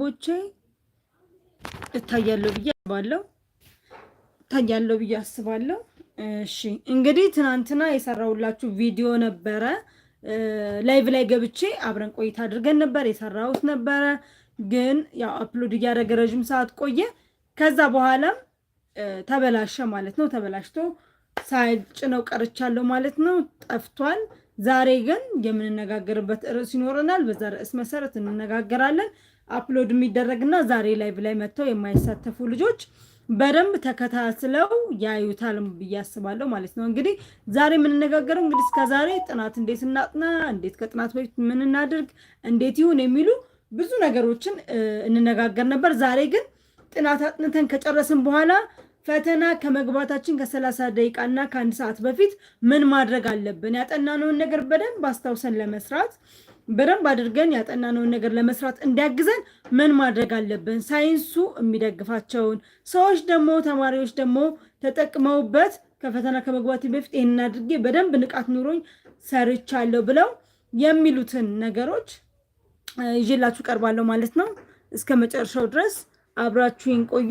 ቦቼ እታያለሁ ብዬ አስባለሁ። እታያለሁ ብዬ አስባለሁ። እሺ እንግዲህ ትናንትና የሰራሁላችሁ ቪዲዮ ነበረ። ላይቭ ላይ ገብቼ አብረን ቆይታ አድርገን ነበር የሰራሁት ነበረ፣ ግን ያው አፕሎድ እያደረገ ረዥም ሰዓት ቆየ። ከዛ በኋላም ተበላሸ ማለት ነው። ተበላሽቶ ሳይጭነው ቀርቻለሁ ማለት ነው። ጠፍቷል። ዛሬ ግን የምንነጋገርበት ርዕስ ይኖረናል። በዛ ርዕስ መሰረት እንነጋገራለን። አፕሎድ የሚደረግና ዛሬ ላይቭ ላይ መጥተው የማይሳተፉ ልጆች በደንብ ተከታትለው ያዩታል ብዬ አስባለሁ ማለት ነው። እንግዲህ ዛሬ የምንነጋገረው እንግዲህ እስከ ዛሬ ጥናት እንዴት እናጥና፣ እንዴት ከጥናት በፊት ምን እናድርግ፣ እንዴት ይሁን የሚሉ ብዙ ነገሮችን እንነጋገር ነበር። ዛሬ ግን ጥናት አጥንተን ከጨረስን በኋላ ፈተና ከመግባታችን ከሰላሳ ደቂቃ እና ከአንድ ሰዓት በፊት ምን ማድረግ አለብን፣ ያጠናነውን ነገር በደንብ አስታውሰን ለመስራት በደንብ አድርገን ያጠናነውን ነገር ለመስራት እንዲያግዘን ምን ማድረግ አለብን? ሳይንሱ የሚደግፋቸውን ሰዎች ደግሞ ተማሪዎች ደግሞ ተጠቅመውበት ከፈተና ከመግባት በፊት ይህንን አድርጌ በደንብ ንቃት ኑሮኝ ሰርቻለሁ ብለው የሚሉትን ነገሮች ይዤላችሁ ቀርባለሁ ማለት ነው። እስከ መጨረሻው ድረስ አብራችሁኝ ቆዩ።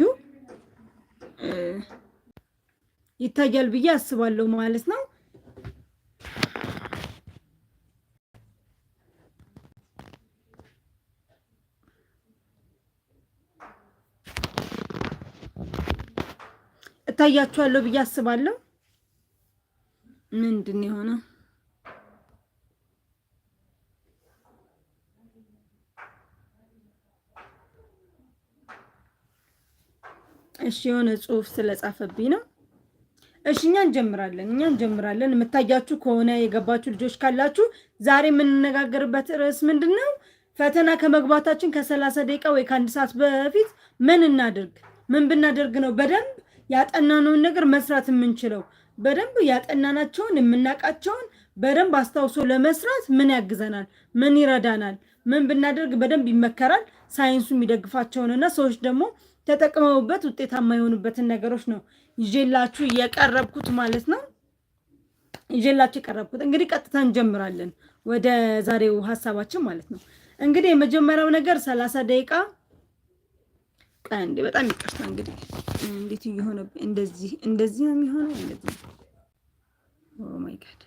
ይታያል ብዬ አስባለሁ ማለት ነው። እታያችኋለሁ ብዬ አስባለሁ። ምንድን የሆነው እሺ፣ የሆነ ጽሁፍ ስለጻፈብኝ ነው። እሺ እኛ እንጀምራለን እኛ እንጀምራለን። የምታያችሁ ከሆነ የገባችሁ ልጆች ካላችሁ ዛሬ የምንነጋገርበት ርዕስ ምንድን ነው? ፈተና ከመግባታችን ከሰላሳ ደቂቃ ወይ ከአንድ ሰዓት በፊት ምን እናድርግ? ምን ብናደርግ ነው በደንብ ያጠናነውን ነገር መስራት የምንችለው በደንብ ያጠናናቸውን የምናውቃቸውን በደንብ አስታውሶ ለመስራት ምን ያግዘናል? ምን ይረዳናል? ምን ብናደርግ በደንብ ይመከራል? ሳይንሱ የሚደግፋቸውን እና ሰዎች ደግሞ ተጠቅመውበት ውጤታማ የሆኑበትን ነገሮች ነው ይዤላችሁ የቀረብኩት ማለት ነው። ይዤላችሁ የቀረብኩት እንግዲህ ቀጥታ እንጀምራለን ወደ ዛሬው ሀሳባችን ማለት ነው። እንግዲህ የመጀመሪያው ነገር ሰላሳ ደቂቃ ቆይ አንዴ፣ በጣም ይቅርታ። እንግዲህ እንዴት እየሆነ እንደዚህ እንደዚህ ነው የሚሆነው። እንደዚህ ኦ ማይ ጋድ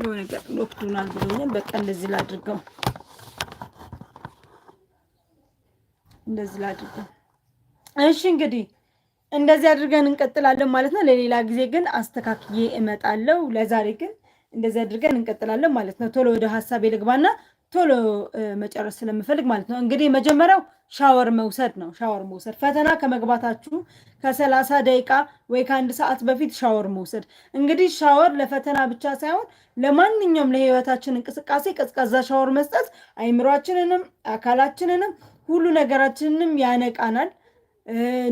የሆነ ነገር ሎክዱናል ብሎኛል። በቃ እንደዚህ ላድርገው፣ እንደዚህ ላድርገው። እሺ እንግዲህ እንደዚህ አድርገን እንቀጥላለን ማለት ነው። ለሌላ ጊዜ ግን አስተካክዬ እመጣለሁ። ለዛሬ ግን እንደዚህ አድርገን እንቀጥላለን ማለት ነው። ቶሎ ወደ ሀሳቤ ልግባና ቶሎ መጨረስ ስለምፈልግ ማለት ነው። እንግዲህ መጀመሪያው ሻወር መውሰድ ነው። ሻወር መውሰድ ፈተና ከመግባታችሁ ከሰላሳ ደቂቃ ወይ ከአንድ ሰዓት በፊት ሻወር መውሰድ። እንግዲህ ሻወር ለፈተና ብቻ ሳይሆን ለማንኛውም ለህይወታችን እንቅስቃሴ ቀዝቃዛ ሻወር መስጠት አይምሯችንንም አካላችንንም ሁሉ ነገራችንንም ያነቃናል።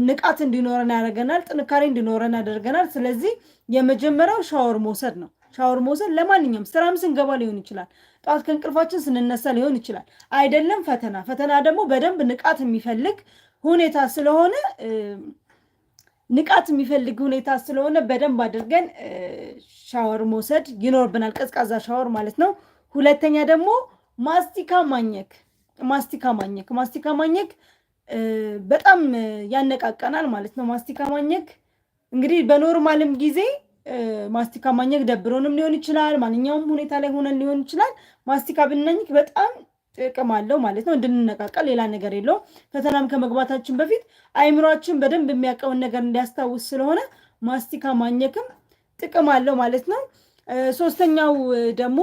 ንቃት እንዲኖረን ያደርገናል። ጥንካሬ እንዲኖረን ያደርገናል። ስለዚህ የመጀመሪያው ሻወር መውሰድ ነው። ሻወር መውሰድ ለማንኛውም ስራም ስንገባ ሊሆን ይችላል። ጠዋት ከእንቅልፋችን ስንነሳ ሊሆን ይችላል። አይደለም ፈተና ፈተና ደግሞ በደንብ ንቃት የሚፈልግ ሁኔታ ስለሆነ ንቃት የሚፈልግ ሁኔታ ስለሆነ በደንብ አድርገን ሻወር መውሰድ ይኖርብናል። ቀዝቃዛ ሻወር ማለት ነው። ሁለተኛ ደግሞ ማስቲካ ማኘክ ማስቲካ ማኘክ ማስቲካ ማኘክ በጣም ያነቃቀናል ማለት ነው። ማስቲካ ማኘክ እንግዲህ በኖርማልም ጊዜ ማስቲካ ማኘክ ደብሮንም ሊሆን ይችላል። ማንኛውም ሁኔታ ላይ ሆነን ሊሆን ይችላል። ማስቲካ ብናኝክ በጣም ጥቅም አለው ማለት ነው። እንድንነቃቀል ሌላ ነገር የለውም። ፈተናም ከመግባታችን በፊት አይምሯችን በደንብ የሚያውቀውን ነገር እንዲያስታውስ ስለሆነ ማስቲካ ማኘክም ጥቅም አለው ማለት ነው። ሶስተኛው ደግሞ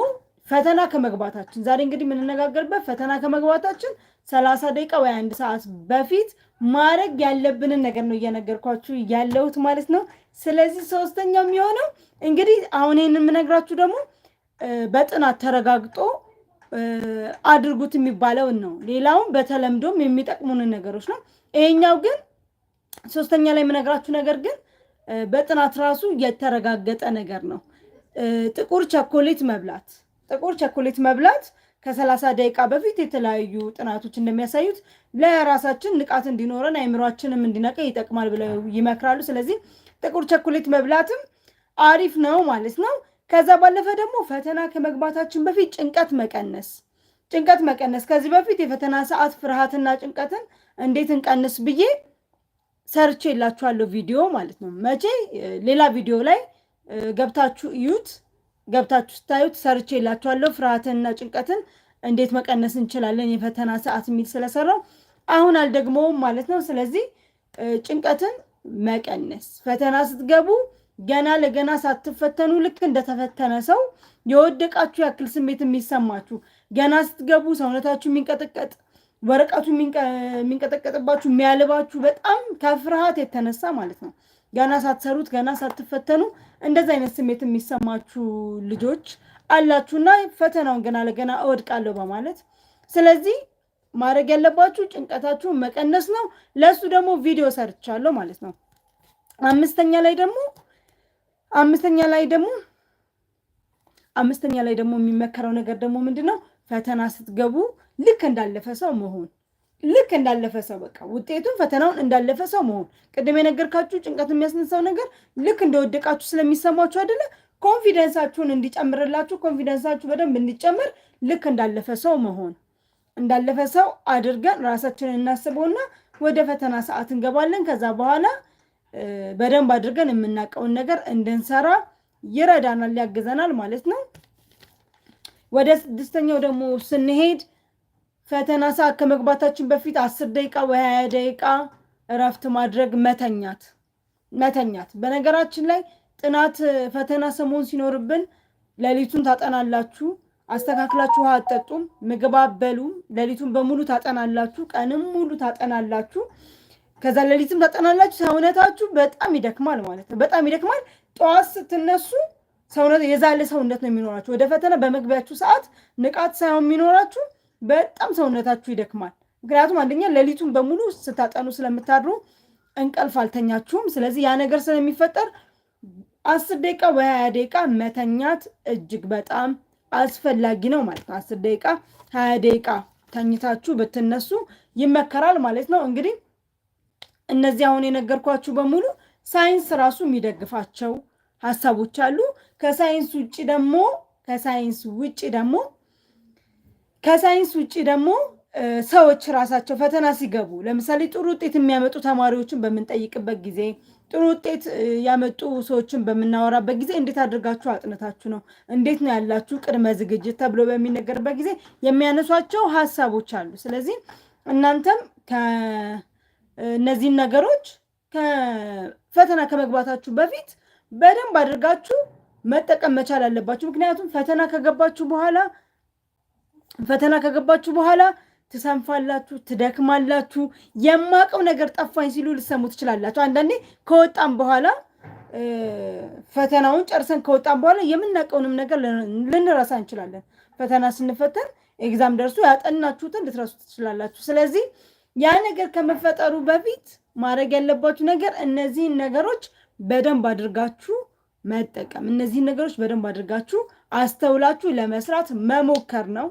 ፈተና ከመግባታችን ዛሬ እንግዲህ የምንነጋገርበት ፈተና ከመግባታችን ሰላሳ ደቂቃ ወይ አንድ ሰዓት በፊት ማድረግ ያለብንን ነገር ነው እየነገርኳችሁ ያለሁት ማለት ነው። ስለዚህ ሶስተኛው የሚሆነው እንግዲህ አሁን ይህን የምነግራችሁ ደግሞ በጥናት ተረጋግጦ አድርጉት የሚባለውን ነው። ሌላውን በተለምዶም የሚጠቅሙንን ነገሮች ነው። ይሄኛው ግን ሶስተኛ ላይ የምነግራችሁ ነገር ግን በጥናት ራሱ የተረጋገጠ ነገር ነው። ጥቁር ቸኮሌት መብላት ጥቁር ቸኮሌት መብላት ከሰላሳ ደቂቃ በፊት የተለያዩ ጥናቶች እንደሚያሳዩት ለራሳችን ንቃት እንዲኖረን አይምሯችንም እንዲነቀ ይጠቅማል ብለው ይመክራሉ። ስለዚህ ጥቁር ቸኮሌት መብላትም አሪፍ ነው ማለት ነው። ከዛ ባለፈ ደግሞ ፈተና ከመግባታችን በፊት ጭንቀት መቀነስ ጭንቀት መቀነስ ከዚህ በፊት የፈተና ሰዓት ፍርሃትና ጭንቀትን እንዴት እንቀንስ ብዬ ሰርቼ የላችኋለሁ ቪዲዮ ማለት ነው። መቼ ሌላ ቪዲዮ ላይ ገብታችሁ እዩት። ገብታችሁ ስታዩት ሰርቼ የላችኋለሁ ፍርሃትንና ጭንቀትን እንዴት መቀነስ እንችላለን የፈተና ሰዓት የሚል ስለሰራው አሁን አልደግመውም ማለት ነው። ስለዚህ ጭንቀትን መቀነስ። ፈተና ስትገቡ ገና ለገና ሳትፈተኑ ልክ እንደተፈተነ ሰው የወደቃችሁ ያክል ስሜት የሚሰማችሁ ገና ስትገቡ ሰውነታችሁ የሚንቀጠቀጥ ወረቀቱ የሚንቀጠቀጥባችሁ የሚያልባችሁ በጣም ከፍርሃት የተነሳ ማለት ነው። ገና ሳትሰሩት ገና ሳትፈተኑ እንደዚህ አይነት ስሜት የሚሰማችሁ ልጆች አላችሁና ፈተናውን ገና ለገና እወድቃለሁ በማለት ስለዚህ ማድረግ ያለባችሁ ጭንቀታችሁን መቀነስ ነው። ለእሱ ደግሞ ቪዲዮ ሰርቻለሁ ማለት ነው። አምስተኛ ላይ ደግሞ አምስተኛ ላይ ደግሞ አምስተኛ ላይ ደግሞ የሚመከረው ነገር ደግሞ ምንድን ነው? ፈተና ስትገቡ ልክ እንዳለፈ ሰው መሆን ልክ እንዳለፈ ሰው በቃ ውጤቱን ፈተናውን እንዳለፈ ሰው መሆን። ቅድም የነገርካችሁ ጭንቀት የሚያስነሳው ነገር ልክ እንደወደቃችሁ ስለሚሰማችሁ አይደለ? ኮንፊደንሳችሁን እንዲጨምርላችሁ ኮንፊደንሳችሁ በደንብ እንዲጨምር ልክ እንዳለፈ ሰው መሆን እንዳለፈ ሰው አድርገን ራሳችንን እናስበውና ወደ ፈተና ሰዓት እንገባለን። ከዛ በኋላ በደንብ አድርገን የምናውቀውን ነገር እንድንሰራ ይረዳናል፣ ያግዘናል ማለት ነው። ወደ ስድስተኛው ደግሞ ስንሄድ ፈተና ሰዓት ከመግባታችን በፊት አስር ደቂቃ ወይ ሀያ ደቂቃ እረፍት ማድረግ መተኛት መተኛት። በነገራችን ላይ ጥናት ፈተና ሰሞን ሲኖርብን ሌሊቱን ታጠናላችሁ አስተካክላችሁ አጠጡም፣ ምግብ አበሉም፣ ሌሊቱን በሙሉ ታጠናላችሁ፣ ቀንም ሙሉ ታጠናላችሁ፣ ከዛ ሌሊትም ታጠናላችሁ። ሰውነታችሁ በጣም ይደክማል ማለት ነው። በጣም ይደክማል። ጠዋት ስትነሱ ሰውነት የዛለ ሰውነት ነው የሚኖራችሁ። ወደ ፈተና በመግቢያችሁ ሰዓት ንቃት ሳይሆን የሚኖራችሁ በጣም ሰውነታችሁ ይደክማል። ምክንያቱም አንደኛ ሌሊቱን በሙሉ ስታጠኑ ስለምታድሩ እንቅልፍ አልተኛችሁም። ስለዚህ ያ ነገር ስለሚፈጠር አስር ደቂቃ ወይ ሀያ ደቂቃ መተኛት እጅግ በጣም አስፈላጊ ነው ማለት ነው። አስር ደቂቃ ሀያ ደቂቃ ተኝታችሁ ብትነሱ ይመከራል ማለት ነው። እንግዲህ እነዚህ አሁን የነገርኳችሁ በሙሉ ሳይንስ ራሱ የሚደግፋቸው ሀሳቦች አሉ። ከሳይንስ ውጭ ደግሞ ከሳይንስ ውጭ ደግሞ ከሳይንስ ውጭ ደግሞ ሰዎች ራሳቸው ፈተና ሲገቡ ለምሳሌ ጥሩ ውጤት የሚያመጡ ተማሪዎችን በምንጠይቅበት ጊዜ ጥሩ ውጤት ያመጡ ሰዎችን በምናወራበት ጊዜ እንዴት አድርጋችሁ አጥንታችሁ ነው፣ እንዴት ነው ያላችሁ ቅድመ ዝግጅት ተብሎ በሚነገርበት ጊዜ የሚያነሷቸው ሀሳቦች አሉ። ስለዚህ እናንተም ከእነዚህን ነገሮች ፈተና ከመግባታችሁ በፊት በደንብ አድርጋችሁ መጠቀም መቻል አለባችሁ። ምክንያቱም ፈተና ከገባችሁ በኋላ ፈተና ከገባችሁ በኋላ ትሰንፋላችሁ፣ ትደክማላችሁ። የማውቀው ነገር ጠፋኝ ሲሉ ልሰሙ ትችላላችሁ። አንዳንዴ ከወጣም በኋላ ፈተናውን ጨርሰን ከወጣም በኋላ የምናውቀውንም ነገር ልንረሳ እንችላለን። ፈተና ስንፈተን ኤግዛም ደርሶ ያጠናችሁትን ልትረሱ ትችላላችሁ። ስለዚህ ያ ነገር ከመፈጠሩ በፊት ማድረግ ያለባችሁ ነገር እነዚህን ነገሮች በደንብ አድርጋችሁ መጠቀም፣ እነዚህን ነገሮች በደንብ አድርጋችሁ አስተውላችሁ ለመስራት መሞከር ነው።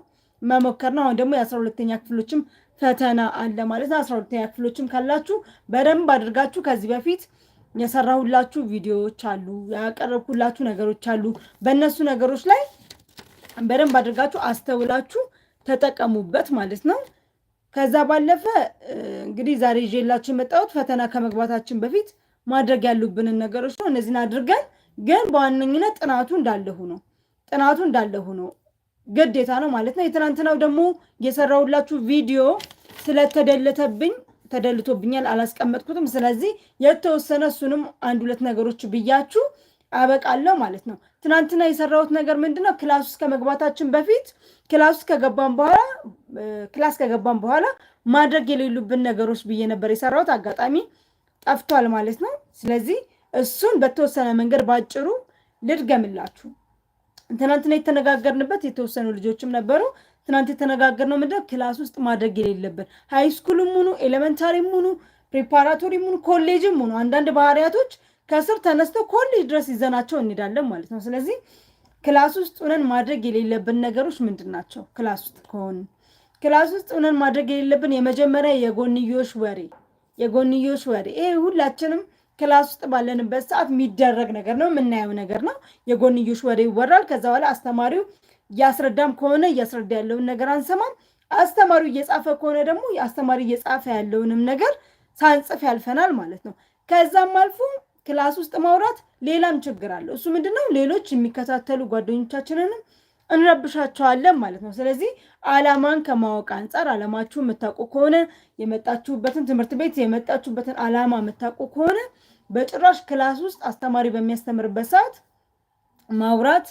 መሞከር ነው። አሁን ደግሞ የአስራ ሁለተኛ ክፍሎችም ፈተና አለ ማለት ነው። አስራ ሁለተኛ ክፍሎችም ካላችሁ በደንብ አድርጋችሁ ከዚህ በፊት የሰራሁላችሁ ቪዲዮዎች አሉ፣ ያቀረብኩላችሁ ነገሮች አሉ። በእነሱ ነገሮች ላይ በደንብ አድርጋችሁ አስተውላችሁ ተጠቀሙበት ማለት ነው። ከዛ ባለፈ እንግዲህ ዛሬ ይዤላችሁ የመጣሁት ፈተና ከመግባታችን በፊት ማድረግ ያሉብንን ነገሮች ነው። እነዚህን አድርገን ግን በዋነኝነት ጥናቱ እንዳለ ሆኖ ጥናቱ እንዳለ ሆኖ ግዴታ ነው ማለት ነው። የትናንትናው ደግሞ የሰራሁላችሁ ቪዲዮ ስለተደለተብኝ ተደልቶብኛል፣ አላስቀመጥኩትም። ስለዚህ የተወሰነ እሱንም አንድ ሁለት ነገሮች ብያችሁ አበቃለሁ ማለት ነው። ትናንትና የሰራሁት ነገር ምንድነው? ክላስ ውስጥ ከመግባታችን በፊት ክላስ ውስጥ ከገባን በኋላ ክላስ ከገባን በኋላ ማድረግ የሌሉብን ነገሮች ብዬ ነበር የሰራሁት። አጋጣሚ ጠፍቷል ማለት ነው። ስለዚህ እሱን በተወሰነ መንገድ ባጭሩ ልድገምላችሁ። ትናንትና የተነጋገርንበት የተወሰኑ ልጆችም ነበሩ። ትናንት የተነጋገርነው ምንድነው ክላስ ውስጥ ማድረግ የሌለብን ሃይስኩልም ሆኑ ኤሌመንታሪም ሆኑ ፕሪፓራቶሪም ሆኑ ኮሌጅም ሆኑ አንዳንድ ባህሪያቶች ከስር ተነስተው ኮሌጅ ድረስ ይዘናቸው እንሄዳለን ማለት ነው። ስለዚህ ክላስ ውስጥ ሆነን ማድረግ የሌለብን ነገሮች ምንድን ናቸው? ክላስ ውስጥ ከሆን ክላስ ውስጥ ሆነን ማድረግ የሌለብን የመጀመሪያ የጎንዮሽ ወሬ የጎንዮሽ ወሬ ይሄ ሁላችንም ክላስ ውስጥ ባለንበት ሰዓት የሚደረግ ነገር ነው፣ የምናየው ነገር ነው። የጎንዮሽ ወደ ይወራል። ከዛ በኋላ አስተማሪው እያስረዳም ከሆነ እያስረዳ ያለውን ነገር አንሰማም። አስተማሪው እየጻፈ ከሆነ ደግሞ አስተማሪ እየጻፈ ያለውንም ነገር ሳንጽፍ ያልፈናል ማለት ነው። ከዛም አልፎ ክላስ ውስጥ ማውራት ሌላም ችግር አለው። እሱ ምንድን ነው? ሌሎች የሚከታተሉ ጓደኞቻችንንም እንረብሻቸዋለን ማለት ነው። ስለዚህ አላማን ከማወቅ አንጻር አላማችሁ የምታውቁ ከሆነ የመጣችሁበትን ትምህርት ቤት የመጣችሁበትን አላማ የምታውቁ ከሆነ በጭራሽ ክላስ ውስጥ አስተማሪ በሚያስተምርበት ሰዓት ማውራት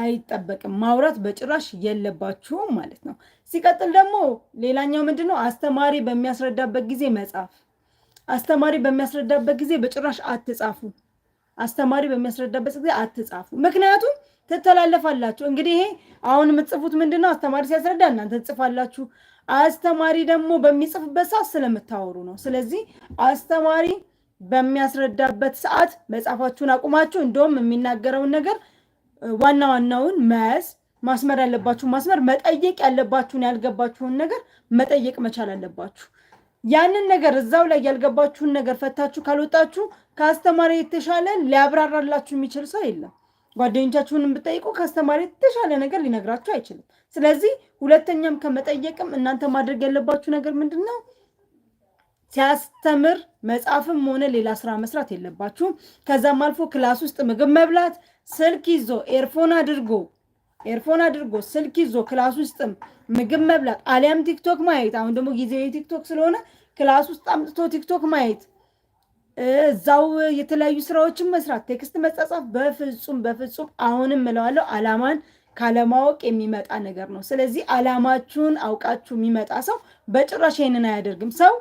አይጠበቅም። ማውራት በጭራሽ የለባችሁም ማለት ነው። ሲቀጥል ደግሞ ሌላኛው ምንድን ነው? አስተማሪ በሚያስረዳበት ጊዜ መጻፍ። አስተማሪ በሚያስረዳበት ጊዜ በጭራሽ አትጻፉ። አስተማሪ በሚያስረዳበት ጊዜ አትጻፉ። ምክንያቱም ትተላለፋላችሁ። እንግዲህ ይሄ አሁን የምትጽፉት ምንድን ነው? አስተማሪ ሲያስረዳ እናንተ ትጽፋላችሁ። አስተማሪ ደግሞ በሚጽፍበት ሰዓት ስለምታወሩ ነው። ስለዚህ አስተማሪ በሚያስረዳበት ሰዓት መጽሐፋችሁን አቁማችሁ እንደውም የሚናገረውን ነገር ዋና ዋናውን መያዝ ማስመር ያለባችሁን ማስመር፣ መጠየቅ ያለባችሁን ያልገባችሁን ነገር መጠየቅ መቻል አለባችሁ። ያንን ነገር እዛው ላይ ያልገባችሁን ነገር ፈታችሁ ካልወጣችሁ ከአስተማሪ የተሻለ ሊያብራራላችሁ የሚችል ሰው የለም። ጓደኞቻችሁን ብጠይቁ ከአስተማሪ የተሻለ ነገር ሊነግራችሁ አይችልም። ስለዚህ ሁለተኛም ከመጠየቅም እናንተ ማድረግ ያለባችሁ ነገር ምንድን ነው? ሲያስተምር መጽሐፍም ሆነ ሌላ ስራ መስራት የለባችሁም። ከዛም አልፎ ክላስ ውስጥ ምግብ መብላት፣ ስልክ ይዞ ኤርፎን አድርጎ ኤርፎን አድርጎ ስልክ ይዞ ክላስ ውስጥም ምግብ መብላት አሊያም ቲክቶክ ማየት። አሁን ደግሞ ጊዜው የቲክቶክ ስለሆነ ክላስ ውስጥ አምጥቶ ቲክቶክ ማየት፣ እዛው የተለያዩ ስራዎችን መስራት፣ ቴክስት መጻጻፍ በፍጹም በፍጹም አሁንም እለዋለሁ አላማን ካለማወቅ የሚመጣ ነገር ነው። ስለዚህ አላማችሁን አውቃችሁ የሚመጣ ሰው በጭራሽ ይሄንን አያደርግም ሰው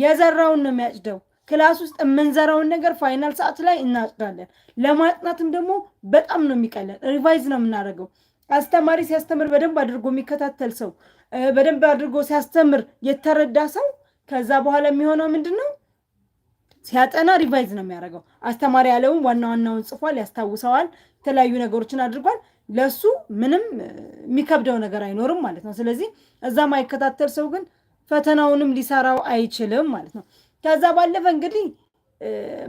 የዘራውን ነው የሚያጭደው። ክላስ ውስጥ የምንዘራውን ነገር ፋይናል ሰዓት ላይ እናጭዳለን። ለማጥናትም ደግሞ በጣም ነው የሚቀለን። ሪቫይዝ ነው የምናደርገው። አስተማሪ ሲያስተምር በደንብ አድርጎ የሚከታተል ሰው፣ በደንብ አድርጎ ሲያስተምር የተረዳ ሰው ከዛ በኋላ የሚሆነው ምንድን ነው? ሲያጠና ሪቫይዝ ነው የሚያደርገው። አስተማሪ ያለውን ዋና ዋናውን ጽፏል፣ ያስታውሰዋል፣ የተለያዩ ነገሮችን አድርጓል። ለሱ ምንም የሚከብደው ነገር አይኖርም ማለት ነው። ስለዚህ እዛ ማይከታተል ሰው ግን ፈተናውንም ሊሰራው አይችልም ማለት ነው። ከዛ ባለፈ እንግዲህ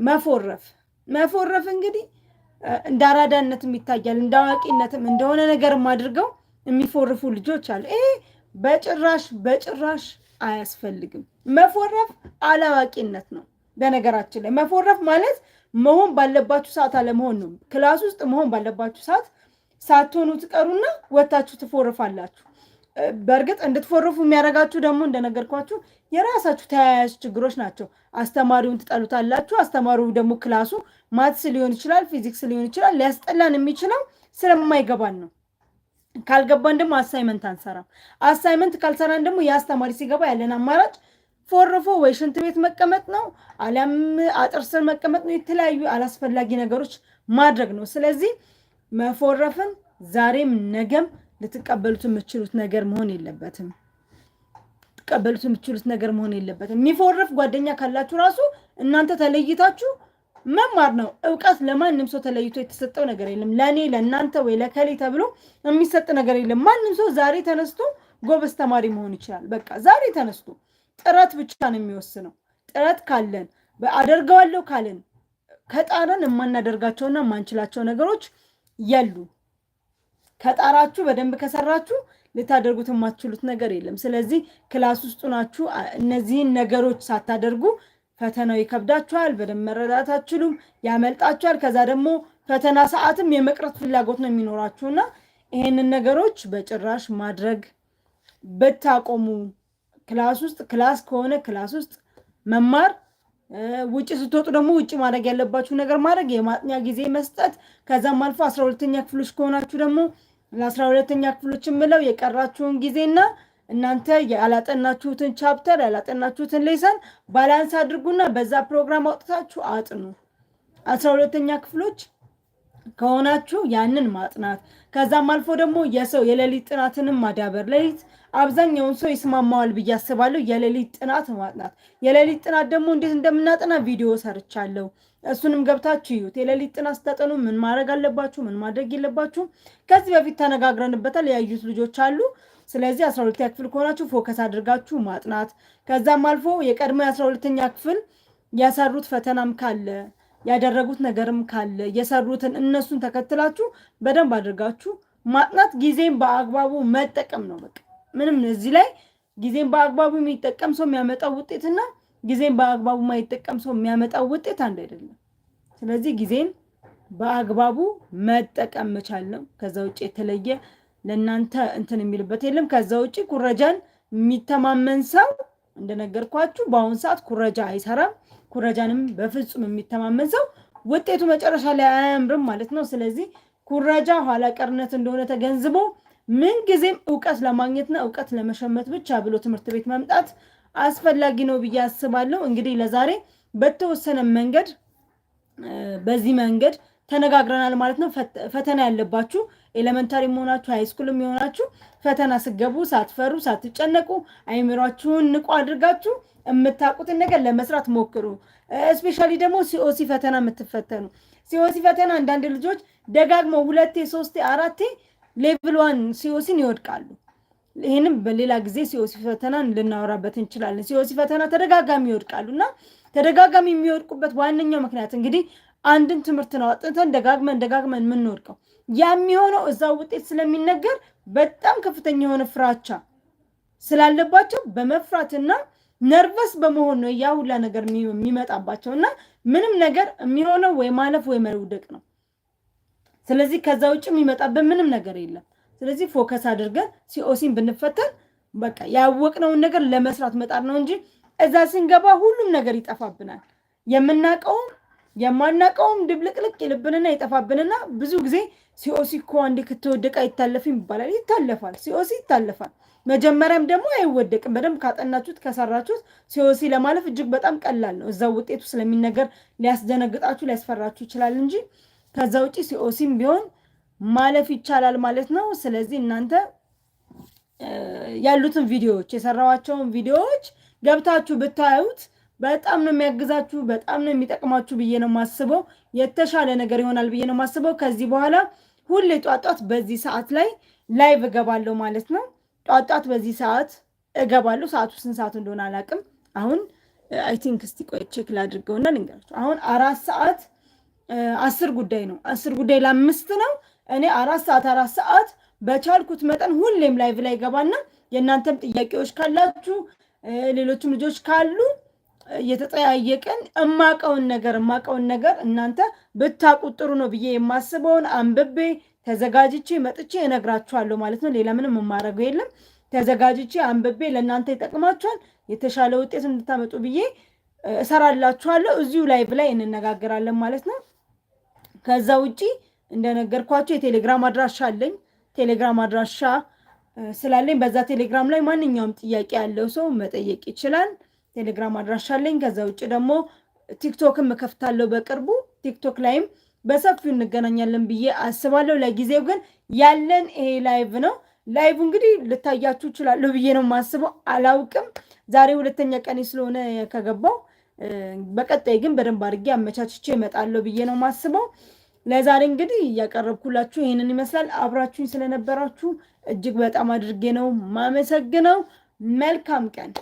መፎረፍ መፎረፍ እንግዲህ እንደ አራዳነትም ይታያል፣ እንደ አዋቂነትም እንደሆነ ነገርም አድርገው የሚፎርፉ ልጆች አሉ። ይሄ በጭራሽ በጭራሽ አያስፈልግም። መፎረፍ አላዋቂነት ነው። በነገራችን ላይ መፎረፍ ማለት መሆን ባለባችሁ ሰዓት አለመሆን ነው። ክላስ ውስጥ መሆን ባለባችሁ ሰዓት ሳትሆኑ ትቀሩና ወታችሁ ትፎርፋላችሁ። በእርግጥ እንድትፎርፉ የሚያደርጋችሁ ደግሞ እንደነገርኳችሁ የራሳችሁ ተያያዥ ችግሮች ናቸው። አስተማሪውን ትጠሉታላችሁ። አስተማሪው ደግሞ ክላሱ ማትስ ሊሆን ይችላል፣ ፊዚክስ ሊሆን ይችላል። ሊያስጠላን የሚችለው ስለማይገባን ነው። ካልገባን ደግሞ አሳይመንት አንሰራም። አሳይመንት ካልሰራን ደግሞ የአስተማሪ ሲገባ ያለን አማራጭ ፎርፎ ወይ ሽንት ቤት መቀመጥ ነው፣ አሊያም አጥር ስር መቀመጥ ነው። የተለያዩ አላስፈላጊ ነገሮች ማድረግ ነው። ስለዚህ መፎረፍን ዛሬም ነገም ልትቀበሉት የምትችሉት ነገር መሆን የለበትም። ትቀበሉት የምትችሉት ነገር መሆን የለበትም። የሚፎርፍ ጓደኛ ካላችሁ ራሱ እናንተ ተለይታችሁ መማር ነው። እውቀት ለማንም ሰው ተለይቶ የተሰጠው ነገር የለም። ለእኔ ለእናንተ ወይ ለከሌ ተብሎ የሚሰጥ ነገር የለም። ማንም ሰው ዛሬ ተነስቶ ጎበዝ ተማሪ መሆን ይችላል። በቃ ዛሬ ተነስቶ ጥረት ብቻ ነው የሚወስነው። ጥረት ካለን አደርገዋለሁ ካለን ከጣረን የማናደርጋቸውና የማንችላቸው ነገሮች ያሉ? ከጣራችሁ በደንብ ከሰራችሁ ልታደርጉት የማትችሉት ነገር የለም። ስለዚህ ክላስ ውስጡ ናችሁ። እነዚህን ነገሮች ሳታደርጉ ፈተናው ይከብዳችኋል። በደንብ መረዳት አትችሉም፣ ያመልጣችኋል። ከዛ ደግሞ ፈተና ሰዓትም የመቅረት ፍላጎት ነው እና ይሄንን ነገሮች በጭራሽ ማድረግ ብታቆሙ ክላስ ውስጥ ክላስ ከሆነ ክላስ ውስጥ መማር ውጭ ስትወጡ ደግሞ ውጭ ማድረግ ያለባችሁ ነገር ማድረግ የማጥኛ ጊዜ መስጠት ከዛም አልፎ አስራ ሁለተኛ ክፍሎች ከሆናችሁ ደግሞ ለአስራ ሁለተኛ ክፍሎች የምለው የቀራችሁን ጊዜና እናንተ ያላጠናችሁትን ቻፕተር ያላጠናችሁትን ሌሰን ባላንስ አድርጉና በዛ ፕሮግራም አውጥታችሁ አጥኑ። አስራ ሁለተኛ ክፍሎች ከሆናችሁ ያንን ማጥናት ከዛም አልፎ ደግሞ የሰው የሌሊት ጥናትንም ማዳበር ሌሊት አብዛኛውን ሰው ይስማማዋል ብዬ አስባለሁ። የሌሊት ጥናት ማጥናት። የሌሊት ጥናት ደግሞ እንዴት እንደምናጠና ቪዲዮ ሰርቻለሁ። እሱንም ገብታችሁ ይዩት። የሌሊት ጥናት ስታጠኑ ምን ማድረግ አለባችሁ፣ ምን ማድረግ የለባችሁም ከዚህ በፊት ተነጋግረንበታል። ያዩት ልጆች አሉ። ስለዚህ አስራ ሁለተኛ ክፍል ከሆናችሁ ፎከስ አድርጋችሁ ማጥናት፣ ከዛም አልፎ የቀድሞ የአስራ ሁለተኛ ክፍል ያሰሩት ፈተናም ካለ ያደረጉት ነገርም ካለ የሰሩትን እነሱን ተከትላችሁ በደንብ አድርጋችሁ ማጥናት፣ ጊዜም በአግባቡ መጠቀም ነው በቃ ምንም እዚህ ላይ ጊዜን በአግባቡ የሚጠቀም ሰው የሚያመጣው ውጤትና ጊዜን በአግባቡ የማይጠቀም ሰው የሚያመጣው ውጤት አንድ አይደለም። ስለዚህ ጊዜን በአግባቡ መጠቀም መቻል ነው። ከዛ ውጭ የተለየ ለእናንተ እንትን የሚልበት የለም። ከዛ ውጭ ኩረጃን የሚተማመን ሰው እንደነገርኳችሁ በአሁኑ ሰዓት ኩረጃ አይሰራም። ኩረጃንም በፍጹም የሚተማመን ሰው ውጤቱ መጨረሻ ላይ አያምርም ማለት ነው። ስለዚህ ኩረጃ ኋላ ቀርነት እንደሆነ ተገንዝቦ ምንጊዜም እውቀት ለማግኘትና እውቀት ለመሸመት ብቻ ብሎ ትምህርት ቤት መምጣት አስፈላጊ ነው ብዬ አስባለሁ። እንግዲህ ለዛሬ በተወሰነ መንገድ በዚህ መንገድ ተነጋግረናል ማለት ነው። ፈተና ያለባችሁ ኤሌመንታሪ መሆናችሁ ሃይስኩልም የሆናችሁ ፈተና ስገቡ ሳትፈሩ ሳትጨነቁ አይምሯችሁን ንቁ አድርጋችሁ የምታውቁትን ነገር ለመስራት ሞክሩ። እስፔሻሊ ደግሞ ሲኦሲ ፈተና የምትፈተኑ ሲኦሲ ፈተና አንዳንድ ልጆች ደጋግመው ሁለቴ ሶስቴ አራቴ ሌቭል ዋን ሲኦሲን ይወድቃሉ። ይህንም በሌላ ጊዜ ሲኦሲ ፈተናን ልናወራበት እንችላለን። ሲኦሲ ፈተና ተደጋጋሚ ይወድቃሉ እና ተደጋጋሚ የሚወድቁበት ዋነኛው ምክንያት እንግዲህ አንድን ትምህርት ነው አጥንተን ደጋግመን ደጋግመን የምንወድቀው። ያ የሚሆነው እዛው ውጤት ስለሚነገር በጣም ከፍተኛ የሆነ ፍራቻ ስላለባቸው በመፍራትና ነርቨስ በመሆን ነው ያ ሁላ ነገር የሚመጣባቸው እና ምንም ነገር የሚሆነው ወይ ማለፍ ወይ መውደቅ ነው። ስለዚህ ከዛ ውጭ የሚመጣበት ምንም ነገር የለም። ስለዚህ ፎከስ አድርገን ሲኦሲን ብንፈተን በቃ ያወቅነውን ነገር ለመስራት መጣር ነው እንጂ እዛ ስንገባ ሁሉም ነገር ይጠፋብናል። የምናቀውም የማናቀውም ድብልቅልቅ ይልብንና ይጠፋብንና ብዙ ጊዜ ሲኦሲ እኮ አንዴ ከተወደቀ አይታለፍም ይባላል። ይታለፋል፣ ሲኦሲ ይታለፋል። መጀመሪያም ደግሞ አይወደቅም። በደንብ ካጠናችሁት ከሰራችሁት ሲኦሲ ለማለፍ እጅግ በጣም ቀላል ነው። እዛው ውጤቱ ስለሚነገር ሊያስደነግጣችሁ ሊያስፈራችሁ ይችላል እንጂ ከዛ ውጭ ሲኦሲም ቢሆን ማለፍ ይቻላል ማለት ነው። ስለዚህ እናንተ ያሉትን ቪዲዮዎች የሰራዋቸውን ቪዲዮዎች ገብታችሁ ብታዩት በጣም ነው የሚያግዛችሁ፣ በጣም ነው የሚጠቅማችሁ ብዬ ነው ማስበው። የተሻለ ነገር ይሆናል ብዬ ነው ማስበው። ከዚህ በኋላ ሁሌ ጧጧት በዚህ ሰዓት ላይ ላይቭ እገባለሁ ማለት ነው። ጧጧት በዚህ ሰዓት እገባለሁ። ሰዓቱ ስንት ሰዓት እንደሆነ አላውቅም። አሁን አይ ቲንክ እስቲ ቆይ ቼክ ላድርገውና ልንገራችሁ። አሁን አራት ሰዓት አስር ጉዳይ ነው። አስር ጉዳይ ለአምስት ነው። እኔ አራት ሰዓት አራት ሰዓት በቻልኩት መጠን ሁሌም ላይቭ ላይ ገባና የእናንተም ጥያቄዎች ካላችሁ ሌሎችም ልጆች ካሉ እየተጠያየቅን እማቀውን ነገር እማቀውን ነገር እናንተ ብታቁጥሩ ነው ብዬ የማስበውን አንብቤ ተዘጋጅቼ መጥቼ እነግራችኋለሁ ማለት ነው። ሌላ ምንም የማረገው የለም። ተዘጋጅቼ አንብቤ ለእናንተ ይጠቅማችኋል፣ የተሻለ ውጤት እንድታመጡ ብዬ እሰራላችኋለሁ። እዚሁ ላይቭ ላይ እንነጋገራለን ማለት ነው። ከዛ ውጪ እንደነገርኳቸው የቴሌግራም አድራሻ አለኝ። ቴሌግራም አድራሻ ስላለኝ በዛ ቴሌግራም ላይ ማንኛውም ጥያቄ ያለው ሰው መጠየቅ ይችላል። ቴሌግራም አድራሻ አለኝ። ከዛ ውጭ ደግሞ ቲክቶክም እከፍታለሁ በቅርቡ። ቲክቶክ ላይም በሰፊው እንገናኛለን ብዬ አስባለሁ። ለጊዜው ግን ያለን ይሄ ላይቭ ነው። ላይቭ እንግዲህ ልታያችሁ እችላለሁ ብዬ ነው የማስበው። አላውቅም ዛሬ ሁለተኛ ቀኔ ስለሆነ ከገባው በቀጣይ ግን በደንብ አድርጌ አመቻችቼ እመጣለሁ ብዬ ነው ማስበው። ለዛሬ እንግዲህ እያቀረብኩላችሁ ይህንን ይመስላል። አብራችሁኝ ስለነበራችሁ እጅግ በጣም አድርጌ ነው ማመሰግነው። መልካም ቀን